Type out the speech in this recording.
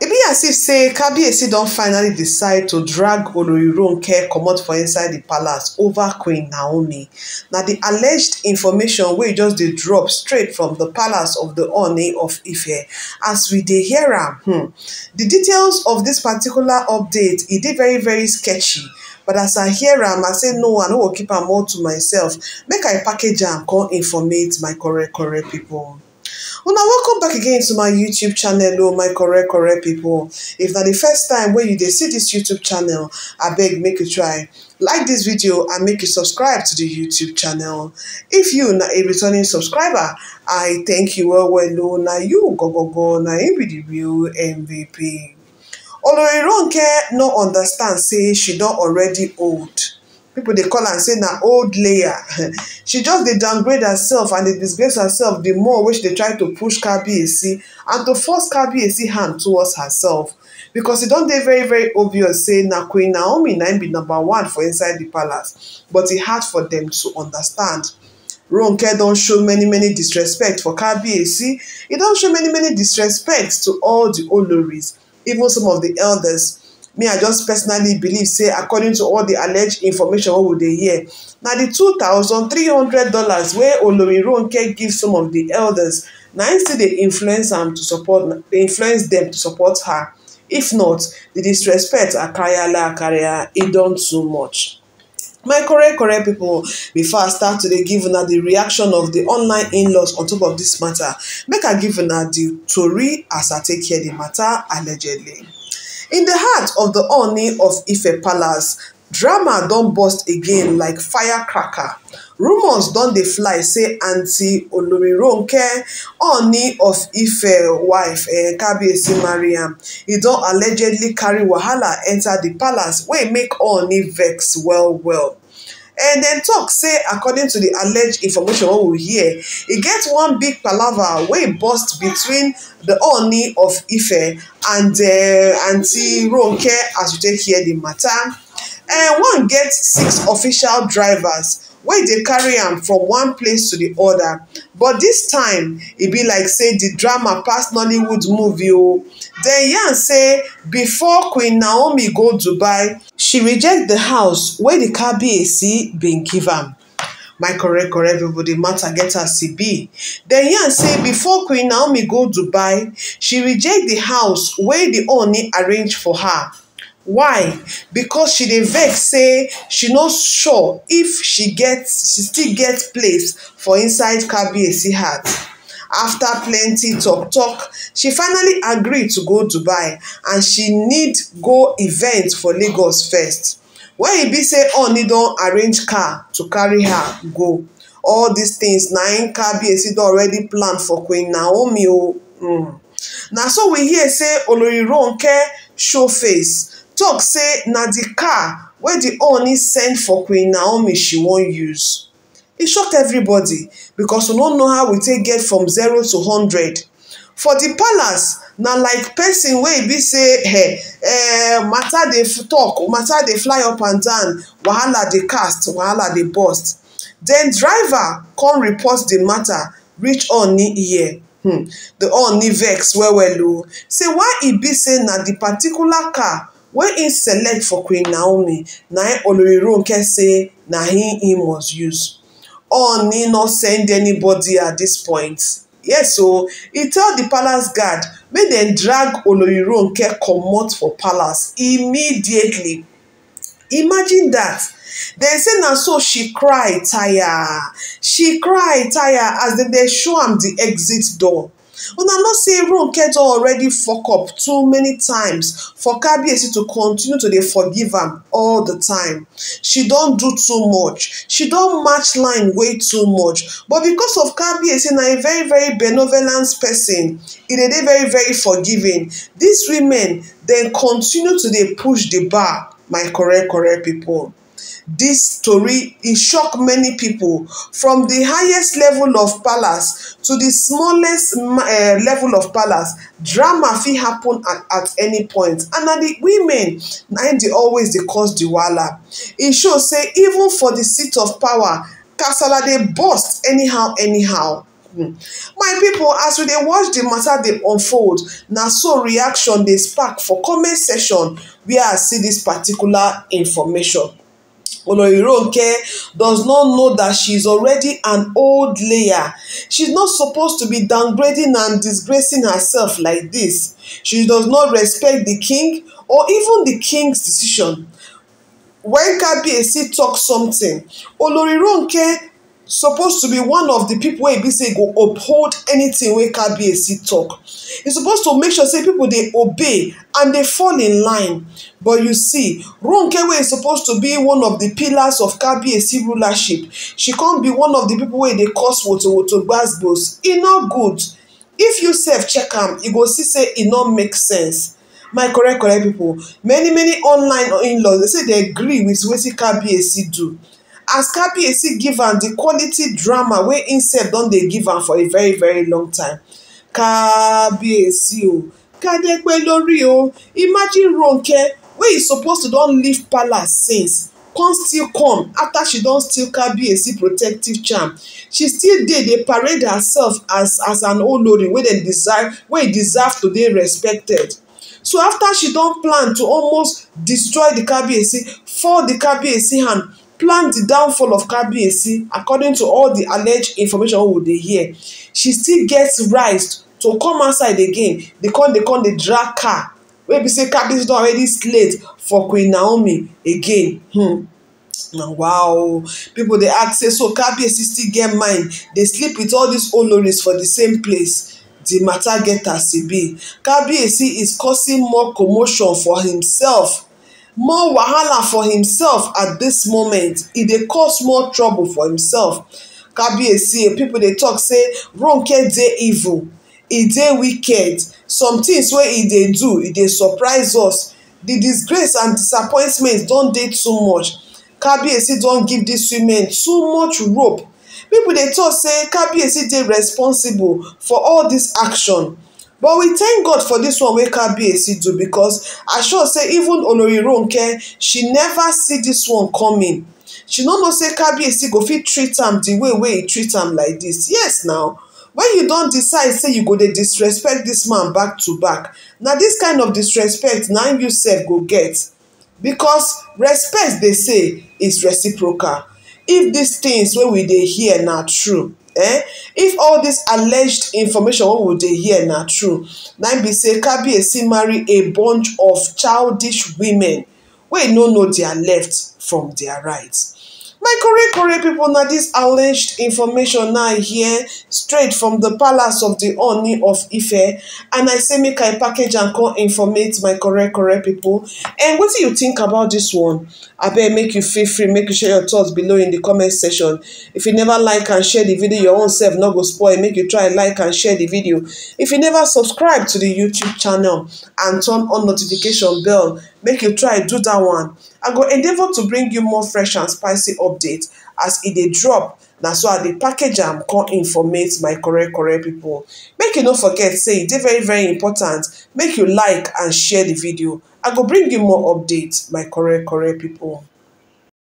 e be as if say kabiyesi don finally decide to drag oloronke comot for inside di palace over queen naomi na di alleged information wey just dey drop straight from di palace of di oni of ife as we dey hear am hmm di details of dis particular update e dey very very sketchy but as i hear am i say no i no go keep am all to myself make i package am come informate my correct correct people una welcome back again to my youtube channel o oh my correct correct people. if na the first time wey you dey see this youtube channel abeg make you try like this video and make you subscribe to the youtube channel if you na a returning subscriber i thank you well well o oh, na you gogogo na you be the real mvp olorirunke no understand say she don already old people dey call am say na old layer she just dey downgrade herself and dey disgrace herself The more wey she dey try to push kabiyesi and to force kabiyesi hand towards herself because e don dey very very obvious say na queen naomi na im be number one for inside di palace but e hard for dem to understand ronke don show many many disrespect for kabiyesi e don show many many disrespect to all di oloris even some of di elders me i just personally believe say according to all the alleged information wey we dey hear na hundred dollars, wey olorinronke give some of the elders na im still dey influence am to support influence dem to support her if not the disrespect akariala akaria e don too much my correct correct people. before i start to dey give una di reaction of the online inlaws on top of this matter. make i give una the tori as i take hear the matter allegedly In the heart of the Oni of Ife Palace, drama don burst again like firecracker. Rumors don dey fly say Aunty Olorironke Ooni of Ife wife eh, Kabiyesi marry am. E don allegedly carry wahala enter the palace wey make Ooni vex well well and dem tok say according to di alleged information wey we hear e get one big palava wey burst between di oni of ife and uh, aunty ronke as you take hear di matter, and one get six official drivers wey dey carry am from one place to the other, but this time e be like say the drama pass nollywood movie o dem yarn say before queen naomi go dubai she reject the house wey the kabiyesi bin give am my correct correct everybody. di matter get as e be dem yarn say before queen naomi go dubai she reject the house wey the oni arrange for her why because she dey vex say she no sure if she get she still get place for inside kabiyesi heart after plenty talk talk she finally agree to go dubai and she need go event for lagos first when e be say oni don arrange car to carry her go all dis tins na im kabiyesi don already plan for queen naomi o mm. na so we hear say olori ronke show face tok say na di car wey di honey send for queen naomi she wan use e shock everybody because we no know how we take get from zero to hundred for di palace na like person wey e be say eh, eh, matter dey talk matter dey fly up and down wahala dey cast wahala dey burst den driver come report di matter reach Ooni ear hmm. the Ooni vex well well o say why e be say na di particular car wey im select for queen naomi na im olorironke say na him im must use oni no send anybody at this point yes o e tell the palace guard make dem drag olorironke comot for palace immediately imagine that. dem say na so she cry tire she cry tire as dem dey show am the exit door una know say ronke don already fok up too many times for kabiyesi to continue to dey forgive am all the time she don do too much she don match line way too much but because of kabiyesi na a very very benevolent person e dey dey very very forgiving These women dem continue to dey push the bar my correct correct people. This story it shocked many people from the highest level of palace to the smallest uh, level of palace. Drama fit happen at, at any And the women na im always dey cause the wala. It show say even for the seat of power, kasala they bust anyhow anyhow. Hmm. my people, as we they watch the matter they unfold now so reaction they spark for comment session. We are see this particular information Oloironke does not know that she is already an old layer. She's not supposed to be downgrading and disgracing herself like this. She does not respect the king or even the king's decision. When Kabiyesi talks something, Oloironke Supposed to be one of the people wey e be say go uphold anything wey kbac talk. e suppose to make sure say people dey obey and dey fall in line but you see ronke wey e suppose to be one of the pillars of kbac rulership she come be one of the people wey e dey cause wotowoto gbasgbos e no good if you sef check am you go see say e no make sense my correct correct people. many many online in-laws dey say dey agree with wetin kbac do as kabiyesi give am di quality drama wey im sef don dey give am for a very very long time kabiyesi o kadepe lórí o imagine ronke wey e suppose to don leave palace since come still come after she don steal kabiyesi protective charm she still dey dey parade herself as as an olori wey dem deserve wey deserve to dey respected so after she don plan to almost destroy the kabiyesi fall the kabiyesi hand planned the downfall of Kabiyesi according to all the alleged information we dey hear she still gets rise to come outside again They come they come they drag car wey be say Kabiyesi don already slate for Queen Naomi again hmm. wow people dey ask say so Kabiyesi still get mind dey sleep with all these oloris for the same place the matter get as e be Kabiyesi is causing more commotion for himself more wahala for himself at this moment e dey cause more trouble for himself kabiyesi pipo dey talk say ronke dey evil e dey wicked some things wey e dey do e dey surprise us The disgrace and disappointment don dey too much kabiyesi don give dis women too much rope pipo dey talk say kabiyesi dey responsible for all dis action but we thank god for this one wey kbac do because i sure say even olorirunke she never see this one coming she no know say kbac go fit treat am the way wey e treat am like this. yes now when you don decide say you go dey disrespect this man back to back na this kind of disrespect na you sef go get because respect dey say is reciprocal if these things wey we dey hear na true eh if all this alleged information wey we dey hear na true na im be say kabiyesi marry a bunch of childish women wey no know dia left from their right my correct correct people, na this alleged information na i hear straight from the palace of the oni of ife and i say make i package and come informate my correct correct people. and what do you think about this one I abeg make you feel free make you share your thoughts below in the comment section if you never like and share the video your own self no go spoil make you try like and share the video if you never subscribe to the youtube channel and turn on notification bell make you try do that one i go endeavour to bring you more fresh and spicy update as e dey drop na so i dey package am come informate my correct correct people. make you no forget say e dey very very important make you like and share the video i go bring you more update my correct correct people.